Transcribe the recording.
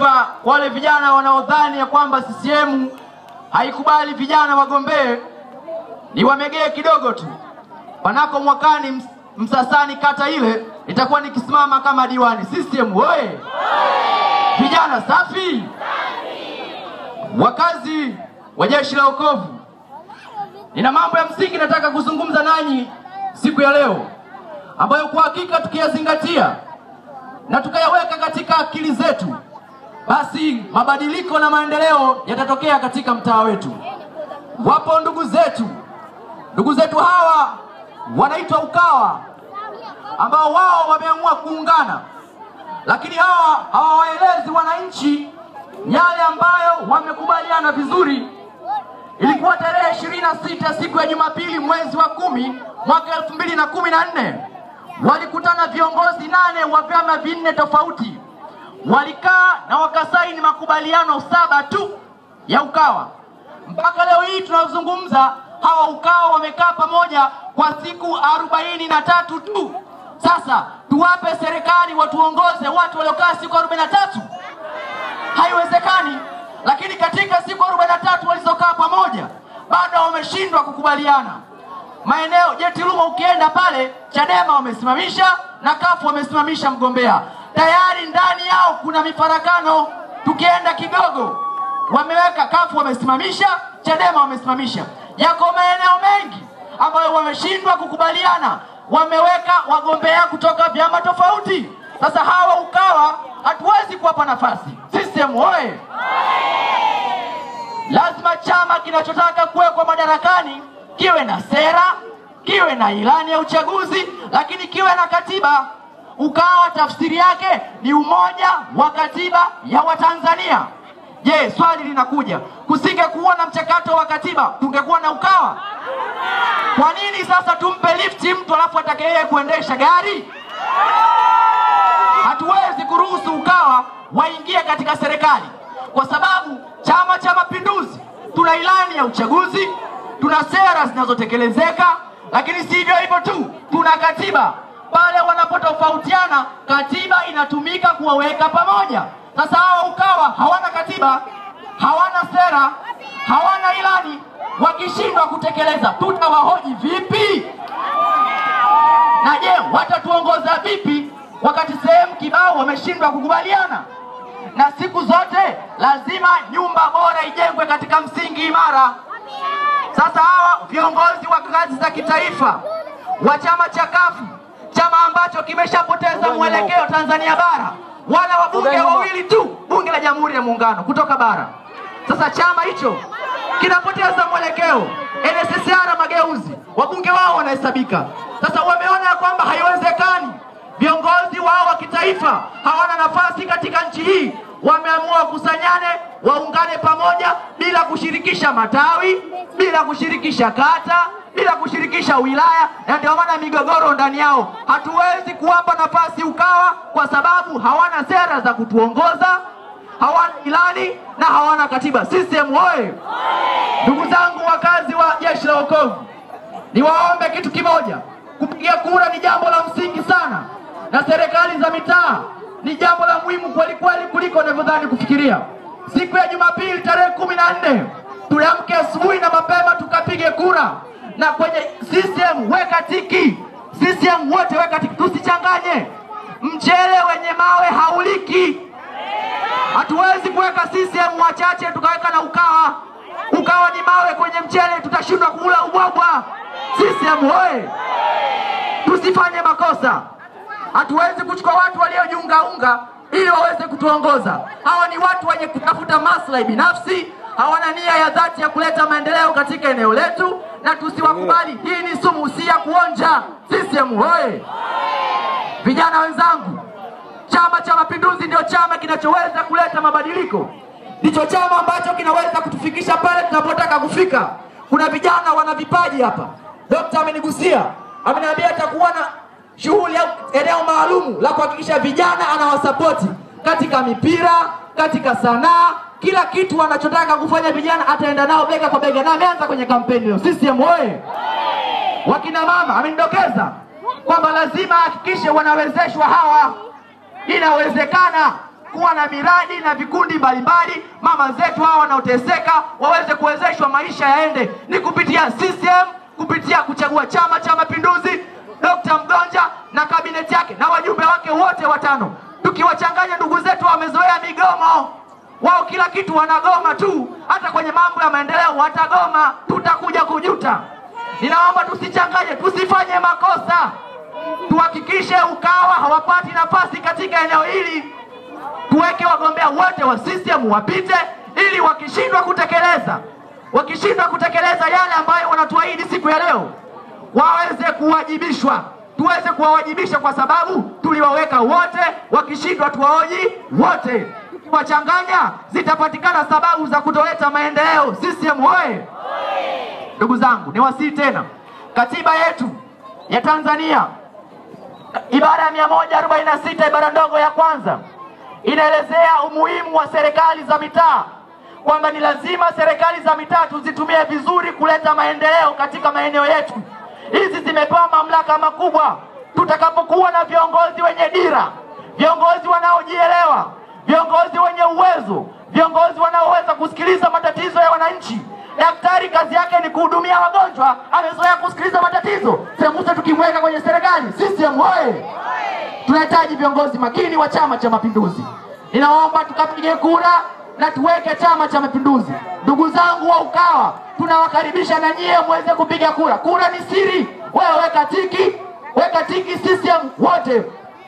Kwa wale vijana wanaodhani ya kwamba CCM haikubali vijana wagombee, ni wamegee kidogo tu. Panako mwakani Msasani, kata ile nitakuwa nikisimama kama diwani. CCM oye! Vijana safi! Wakazi wa Jeshi la Wokovu, nina mambo ya msingi nataka kuzungumza nanyi siku ya leo, ambayo kwa hakika tukiyazingatia na tukayaweka katika akili zetu basi mabadiliko na maendeleo yatatokea katika mtaa wetu. Wapo ndugu zetu, ndugu zetu hawa wanaitwa UKAWA ambao wao wameamua kuungana, lakini hawa hawawaelezi wananchi yale ambayo wamekubaliana vizuri. Ilikuwa tarehe ishirini na sita siku ya Jumapili mwezi wa kumi mwaka elfu mbili na kumi na nne walikutana viongozi nane wa vyama vinne tofauti walikaa na wakasaini makubaliano saba tu ya UKAWA. Mpaka leo hii tunazungumza, hawa UKAWA wamekaa pamoja kwa siku arobaini na tatu tu. Sasa tuwape serikali watuongoze watu waliokaa siku arobaini na tatu? Haiwezekani. Lakini katika siku arobaini na tatu walizokaa pamoja, bado wameshindwa kukubaliana maeneo. Jetiluma ukienda pale, Chadema wamesimamisha na kafu wamesimamisha mgombea tayari ndani yao kuna mifarakano. Tukienda kidogo, wameweka kafu, wamesimamisha Chadema, wamesimamisha. Yako maeneo mengi ambayo wameshindwa kukubaliana, wameweka wagombea kutoka vyama tofauti. Sasa hawa Ukawa hatuwezi kuwapa nafasi. CCM oye! Lazima chama kinachotaka kuwekwa madarakani kiwe na sera, kiwe na ilani ya uchaguzi, lakini kiwe na katiba. Ukawa tafsiri yake ni umoja wa katiba ya Watanzania. Je, swali linakuja, kusingekuwa na mchakato wa katiba tungekuwa na Ukawa? Kwa nini sasa tumpe lifti mtu alafu yeye kuendesha gari? Hatuwezi kuruhusu Ukawa waingie katika serikali, kwa sababu Chama cha Mapinduzi tuna ilani ya uchaguzi, tuna sera zinazotekelezeka, lakini sivyo hivyo tu, tuna katiba pale wanapotofautiana, katiba inatumika kuwaweka pamoja. Sasa hawa Ukawa hawana katiba, hawana sera, hawana ilani. Wakishindwa kutekeleza, tutawahoji vipi? Na je, watatuongoza vipi wakati sehemu kibao wameshindwa kukubaliana? Na siku zote lazima nyumba bora ijengwe katika msingi imara. Sasa hawa viongozi wa ngazi za kitaifa wa chama cha kafu chama ambacho kimeshapoteza mwelekeo Tanzania bara, wana wabunge wawili tu bunge la Jamhuri ya Muungano kutoka bara. Sasa chama hicho kinapoteza mwelekeo. NCCR Mageuzi wabunge wao wanahesabika. Sasa wameona ya kwamba haiwezekani, viongozi wao wa kitaifa hawana nafasi katika nchi hii, wameamua kusanyane, waungane pamoja bila kushirikisha matawi, bila kushirikisha kata, bila kushirikisha wilaya, na ndio maana migogoro ndani yao. Hatuwezi kuwapa nafasi Ukawa kwa sababu hawana sera za kutuongoza, hawana ilani na hawana katiba. CCM oye! Ndugu zangu wakazi wa Jeshi la Wokovu, niwaombe kitu kimoja, kupiga kura ni jambo la msingi sana, na serikali za mitaa ni jambo la muhimu kweli kweli kuliko unavyodhani kufikiria. Siku ya Jumapili tarehe kumi na nne tuliamke asubuhi na mapema tukapige kura na kwenye CCM weka tiki. CCM wote weka tiki, tusichanganye. Mchele wenye mawe hauliki. Hatuwezi kuweka CCM wachache tukaweka na Ukawa. Ukawa ni mawe kwenye mchele, tutashindwa kula ubwabwa. CCM oye! Tusifanye makosa. Hatuwezi kuchukua watu waliojiungaunga ili waweze kutuongoza. Hawa ni watu wenye kutafuta maslahi binafsi hawana nia ya dhati ya kuleta maendeleo katika eneo letu, na tusiwakubali. Hii ni sumu si ya kuonja. CCM hoye! Vijana wenzangu, Chama cha Mapinduzi ndio chama kinachoweza kuleta mabadiliko, ndicho chama ambacho kinaweza kutufikisha pale tunapotaka kufika. Kuna vijana wana vipaji hapa. Dokta amenigusia, ameniambia atakuwa na shughuli au eneo maalumu la kuhakikisha vijana anawasapoti katika mipira, katika sanaa, kila kitu anachotaka kufanya vijana ataenda nao bega kwa bega, na ameanza kwenye kampeni hiyo. CCM oye! Wakina mama amenidokeza kwamba lazima ahakikishe wanawezeshwa hawa. Inawezekana kuwa na miradi na vikundi mbalimbali, mama zetu hawa wanaoteseka waweze kuwezeshwa, maisha yaende, ni kupitia CCM, kupitia kuchagua Chama cha Mapinduzi, Dr. Mgonja na kabineti yake na wajumbe wake wote watano. Tukiwachanganya ndugu zetu wamezoea migomo wao kila kitu wanagoma tu, hata kwenye mambo ya maendeleo watagoma, tutakuja kujuta. Ninaomba tusichanganye, tusifanye makosa, tuhakikishe Ukawa hawapati nafasi katika eneo hili, tuweke wagombea wote wa CCM wapite, ili wakishindwa kutekeleza wakishindwa kutekeleza yale ambayo wanatuahidi siku ya leo, waweze kuwajibishwa, tuweze kuwawajibisha kwa sababu tuliwaweka wote, wakishindwa tuwaoji wote kuwachanganya zitapatikana sababu za kutoleta maendeleo. CCM hoye! Ndugu zangu, niwasihi tena, katiba yetu ya Tanzania ibara ya mia moja arobaini na sita ibara ndogo ya kwanza inaelezea umuhimu wa serikali za mitaa kwamba ni lazima serikali za mitaa tuzitumie vizuri kuleta maendeleo katika maeneo yetu. Hizi zimepewa mamlaka makubwa. Tutakapokuwa na viongozi wenye dira, viongozi wanaojielewa, viongozi wenye uwezo, viongozi wanaoweza kusikiliza matatizo ya wananchi. Daktari kazi yake ni kuhudumia wagonjwa, amezoea kusikiliza matatizo. Sembuse tukimweka kwenye serikali, CCM oye! Tunahitaji viongozi makini wa Chama cha Mapinduzi. Ninaomba tukapige kura na tuweke Chama cha Mapinduzi. Ndugu zangu wa UKAWA, tunawakaribisha na nyie muweze kupiga kura. Kura ni siri, wewe weka tiki, weka tiki CCM wote.